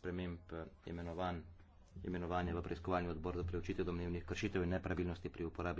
sprememb eh, imenovanj, imenovanja v preiskovalni odbor za preučitev domnevnih kršitev in nepravilnosti pri uporabi